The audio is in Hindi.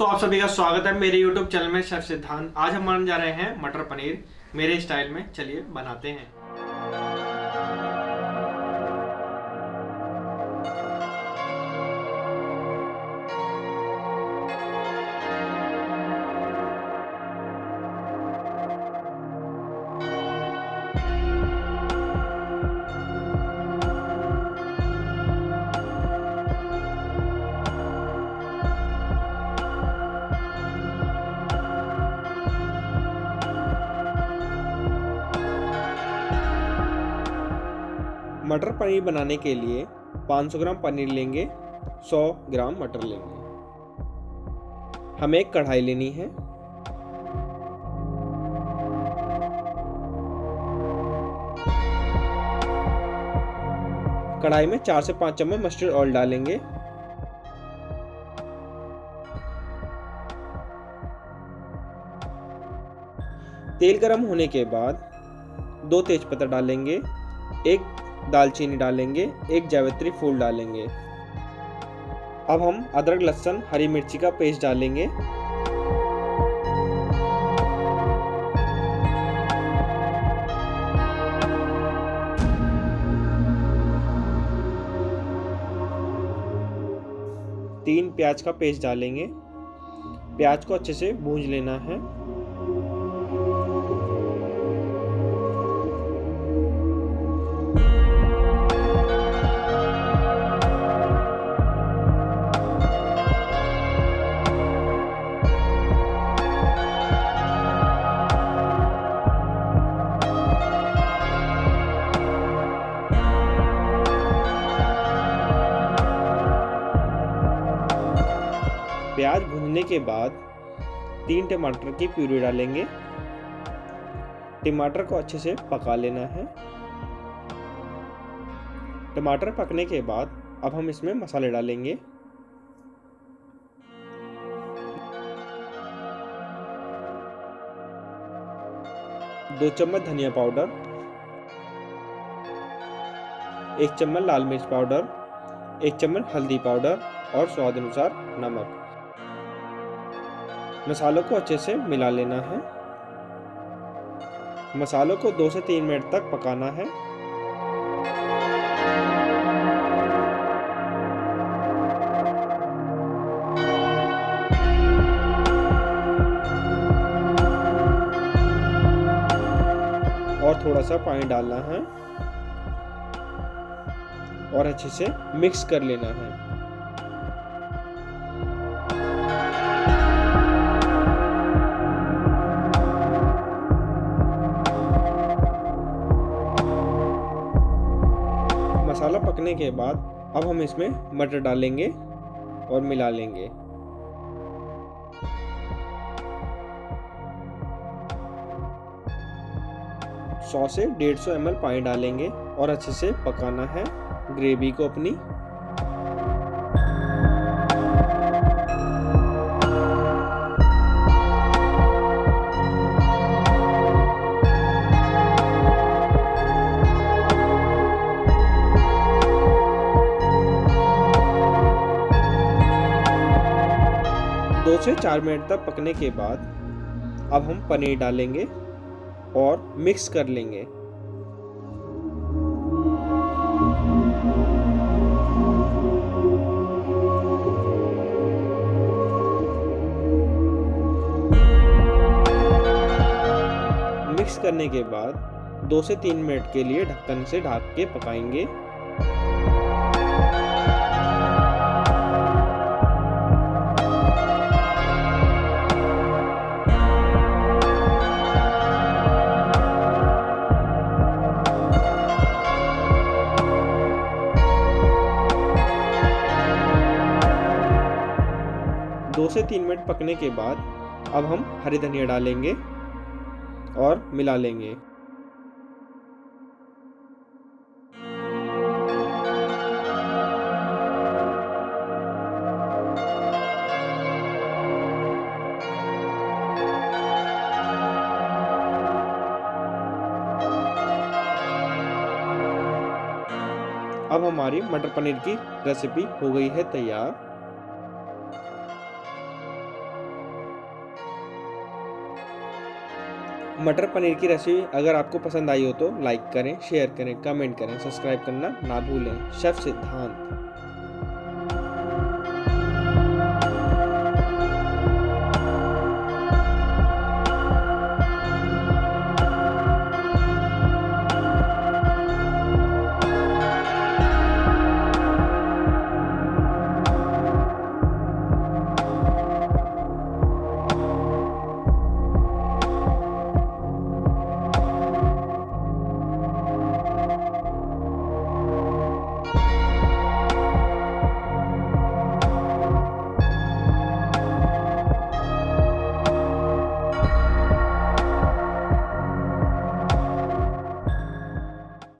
दोस्तों आप सभी का स्वागत है मेरे YouTube चैनल में शेफ सिद्धांत आज हम बनाने जा रहे हैं मटर पनीर मेरे स्टाइल में चलिए बनाते हैं मटर पनीर बनाने के लिए 500 ग्राम पनीर लेंगे 100 ग्राम मटर लेंगे हमें एक कढ़ाई लेनी है कढ़ाई में चार से पाँच चम्मच मस्टर्ड ऑयल डालेंगे तेल गरम होने के बाद दो तेज पत्ता डालेंगे एक दालचीनी डालेंगे एक जावित्री फूल डालेंगे अब हम अदरक लहसुन हरी मिर्ची का पेस्ट डालेंगे तीन प्याज का पेस्ट डालेंगे प्याज को अच्छे से भूंज लेना है प्याज भूनने के बाद तीन टमाटर की प्यूरी डालेंगे टमाटर को अच्छे से पका लेना है टमाटर पकने के बाद अब हम इसमें मसाले डालेंगे दो चम्मच धनिया पाउडर एक चम्मच लाल मिर्च पाउडर एक चम्मच हल्दी पाउडर और स्वाद अनुसार नमक मसालों को अच्छे से मिला लेना है मसालों को दो से तीन मिनट तक पकाना है और थोड़ा सा पानी डालना है और अच्छे से मिक्स कर लेना है डालने के बाद अब हम इसमें मटर डालेंगे और मिला लेंगे सौ से डेढ़ सौ एम पानी डालेंगे और अच्छे से पकाना है ग्रेवी को अपनी से चार मिनट तक पकने के बाद अब हम पनीर डालेंगे और मिक्स कर लेंगे मिक्स करने के बाद दो से तीन मिनट के लिए ढक्कन से ढक के पकाएंगे से तीन मिनट पकने के बाद अब हम हरी धनिया डालेंगे और मिला लेंगे अब हमारी मटर पनीर की रेसिपी हो गई है तैयार मटर पनीर की रेसिपी अगर आपको पसंद आई हो तो लाइक करें शेयर करें कमेंट करें सब्सक्राइब करना ना भूलें शेफ सिद्धांत